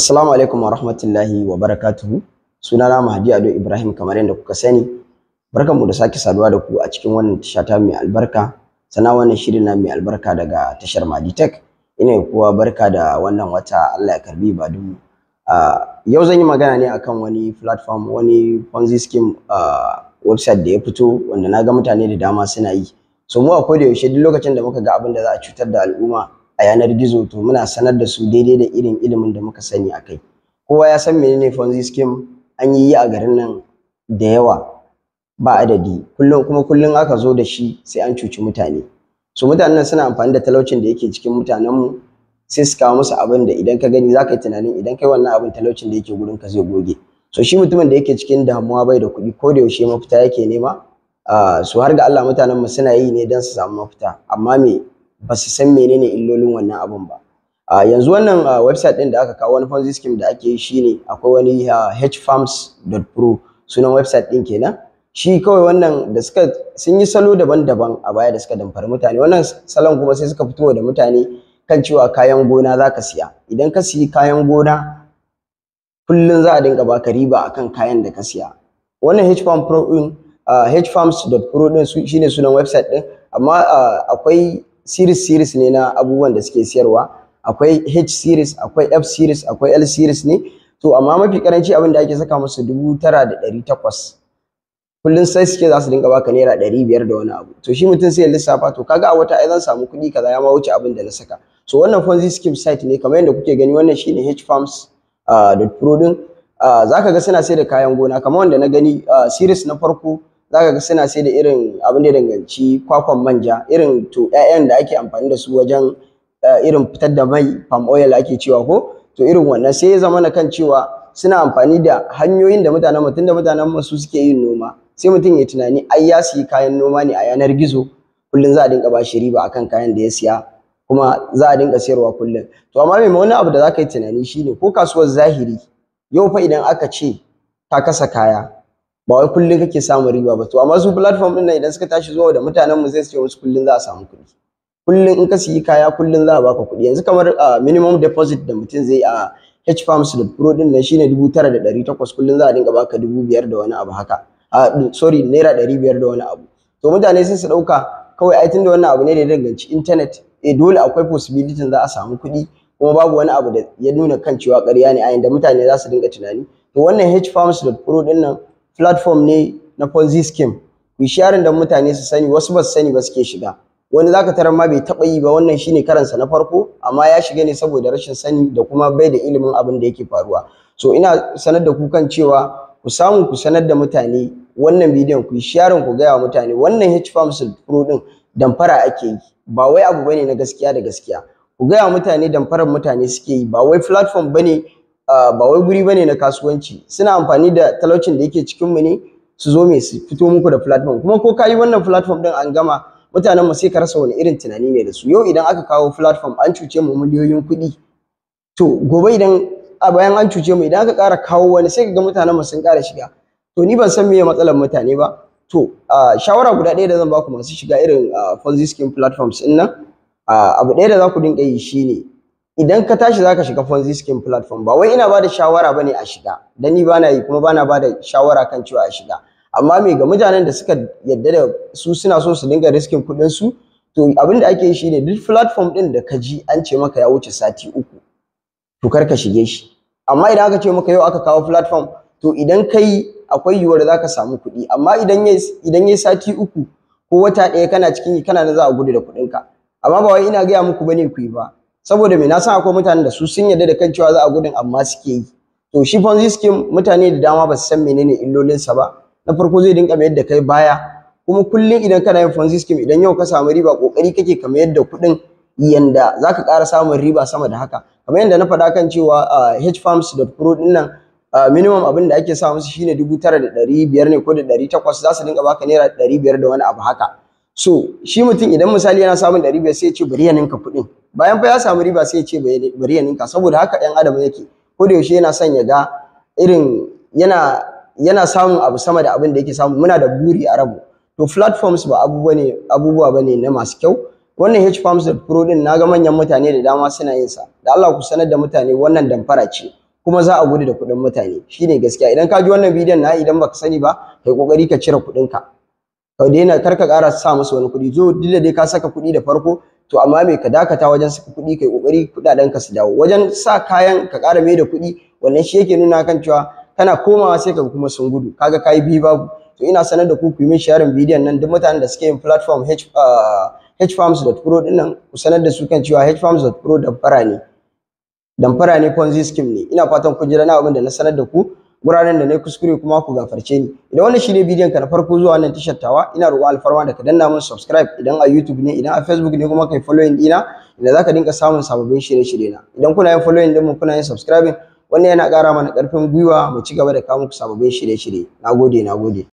Assalamu alaikum wa rahmatullahi wa barakatuhu. Sunana Mahdi Ado Ibrahim kamar yadda kuka sani. mu da sake saduwa da ku a cikin wannan tasha ta mai albarka. Sana wannan shirin na mai albarka daga tashar Mahdi Tech. Ina kuwa barka da wannan wata Allah ya karbi ba dumu. yau zan yi magana ne akan wani platform wani Ponzi scheme uh, website da ya fito wanda na ga mutane da dama suna yi. So mu akwai da yaushe duk lokacin da muka ga abin da za a cutar da al'umma a yanar gizo to muna sanar da su daidai da irin ilimin da muka sani a kai kowa ya san menene Ponzi scheme an yi a garin nan da yawa ba adadi kullum kuma kullum aka zo da shi sai an cuci mutane so mutanen nan suna amfani da talaucin da yake cikin mutanen mu sai su kawo musu abin da idan ka gani zaka yi tunanin idan kai wannan abin talaucin da yake gurin ka zai goge so shi mutumin da yake cikin damuwa bai da kuɗi ko da yaushe mafita yake nema ah, su har ga Allah mutanen mu suna yi ne don su samu mafita amma me ba su san menene illolin wannan abun ba a yanzu wannan website din da aka kawo wani ponzi scheme da ake yi shine akwai wani hfarms.pro sunan website din kenan shi kawai wannan da suka sun yi salo daban-daban a baya da suka damfari mutane wannan salon kuma sai suka fito da mutane kan cewa kayan gona za ka siya idan ka siyi kayan gona kullum za a dinga baka riba akan kayan da ka siya wannan din hfarms.pro din shine sunan website din amma akwai series series ne na abubuwan da suke siyarwa akwai H series akwai F series akwai L series ne to amma mafi karanci abin da ake saka musu dubu tara da ɗari takwas kullum sai suke za su dinga baka naira ɗari biyar da wani abu to shi mutum sai ya lissafa to kaga a wata ai zan samu kuɗi kaza ya ma wuce abin da na saka so wannan ponzi scheme site ne kamar yadda kuke gani wannan shine H farms ah, da pro din ah, zaka ga suna sai da kayan gona kamar wanda na gani ah, series na farko zaka ga suna sai da irin abin da danganci kwakwan manja irin to ƴaƴan da ake amfani da su wajen eh, irin fitar da mai palm oil ake cewa ko to irin wannan sai ya zama na kan cewa suna amfani da hanyoyin da mutanen mutum da mutanen su suke yin noma sai mutum ya tunani ai ya siyi kayan noma ne a yanar gizo kullum za a dinga bashi riba akan kayan da ya siya kuma za a dinga sayarwa kullum to amma mai wani abu da za ka yi tunani shine ko kasuwar zahiri yau fa idan aka ce ta kasa kaya ba wai kullum kake samun riba ba to amma su platform din nan idan suka tashi zuwa da mutanen mu zai ce wasu kullum za a samu kuɗi kullum in ka siyi kaya kullum za a baka kuɗi yanzu kamar minimum deposit da mutum zai a H farm da pro din nan shine dubu tara da ɗari takwas kullum za a dinga baka dubu biyar da wani abu haka sorry naira ɗari biyar da wani abu to mutane sai su ɗauka kawai ai tunda wannan abu ne da danganci internet eh dole akwai possibility za a samu kuɗi kuma babu wani abu da ya nuna kan cewa ƙarya ne a inda mutane za su dinga tunani to wannan H farm da pro din nan platform ne na ponzi scheme ku share da mutane su sani wasu ba su sani ba suke shiga wani zaka tarar ma bai taba yi ba wannan shine karansa na farko amma ya shiga ne saboda rashin sani da kuma bai da ilimin abin da yake faruwa so ina sanar da ku kan cewa ku samu ku sanar da mutane wannan bidiyon ku share ku gaya mutane wannan H-Farms Pro din damfara ake yi ba wai abu bane na gaskiya da gaskiya ku gaya mutane damfarar mutane suke yi ba wai platform bane ba wai guri bane na kasuwanci suna amfani da talaucin da yake cikin mu ne su zo mai su fito muku da platform kuma ko kayi wannan platform din an gama mutanen mu sai ka rasa wani irin tunani ne da su yau idan aka kawo platform an cuce mu miliyoyin kuɗi to gobe idan a bayan an cuce mu idan aka ƙara kawo wani sai ka ga mutanen mu sun ƙara shiga to ni ban san meye matsalar mutane ba to shawara guda ɗaya da zan ba ku masu shiga irin ponzi scheme platforms din nan abu ɗaya da za ku dinga yi shine idan ka tashi zaka shiga Ponzi scheme platform ba wai ina bada shawara bane a shiga dan ni bana yi kuma bana bada shawara kan cewa a shiga amma me ga mutanen da suka yadda da su suna so su dinga riskin kuɗin su to abin da ake yi shine duk platform din da ka ji an ce maka ya wuce sati uku to kar ka shige shi amma idan aka ce maka yau aka kawo platform to idan kai akwai yiwuwar zaka samu kuɗi amma idan yayi idan yayi sati uku ko wata ɗaya kana cikin kana na za a gudu da kuɗinka amma ba wai ina gaya muku bane ku yi ba saboda me na san akwai mutanen da su sun yarda da kan cewa za a gudun amma suke yi to shi ponzi scheme mutane da dama ba su san menene illolin sa ba na farko zai dinka mayar da kai baya kuma kullum idan kana yin ponzi scheme idan yau ka samu riba kokari kake ka mayar da kuɗin yanda zaka ƙara samun riba sama da haka kamar yanda na faɗa kan cewa hfarms.pro ah, din nan ah, minimum abin da ake sa musu shine dubu tara da ɗari biyar ne ko da ɗari takwas za su dinga baka naira ɗari biyar da wani abu haka so shi mutum idan misali yana samun ɗari biyar sai ya ce bari ya ninka kuɗin bayan fa ya samu riba sai ya ce bari ya ninka saboda haka ɗan adam yake ko da yaushe yana son ya ga irin yana yana samun abu sama da abin da yake samu muna da buri a rabu to platforms ba abubuwa ne abubuwa bane na masu kyau wannan hfarms da pro din naga manyan mutane da dama suna yin sa da Allah ku sanar da mutane wannan damfara ce kuma za a gudu da kuɗin mutane shine gaskiya idan ka ji wannan bidiyon na idan baka sani ba kai kokari ka cire kuɗin ka ka daina kar ka ƙara sa musu wani kuɗi zo duk dai ka saka kuɗi da farko to amma me ka dakata wajen saka kuɗi kai kokari kuɗaɗen ka su dawo wajen sa kayan ka ƙara mai da kuɗi wannan shi yake nuna kan cewa kana komawa sai ka kuma sun gudu kaga kai bi babu to ina sanar da ku ku yi min sharing bidiyon nan duk mutanen da suke yin platform h hfarms.pro ah, din nan ku sanar da su kan cewa hfarms.pro damfara ne damfara ne ponzi scheme ne ina fatan kun ji na abin da na sanar da ku wuraren da na kuskure kuma ku gafarce ni idan wannan shine bidiyon ka na farko zuwa wannan tashar tawa ina roƙo alfarma da ka danna mun subscribe idan a YouTube ne idan a Facebook ne kuma kai following dina idan zaka dinka samun sababbin shirye-shirye na idan kuna yin following din mu kuna yin subscribing wannan yana ƙara mana ƙarfin gwiwa mu ci gaba da kawo muku sababbin shirye-shirye nagode nagode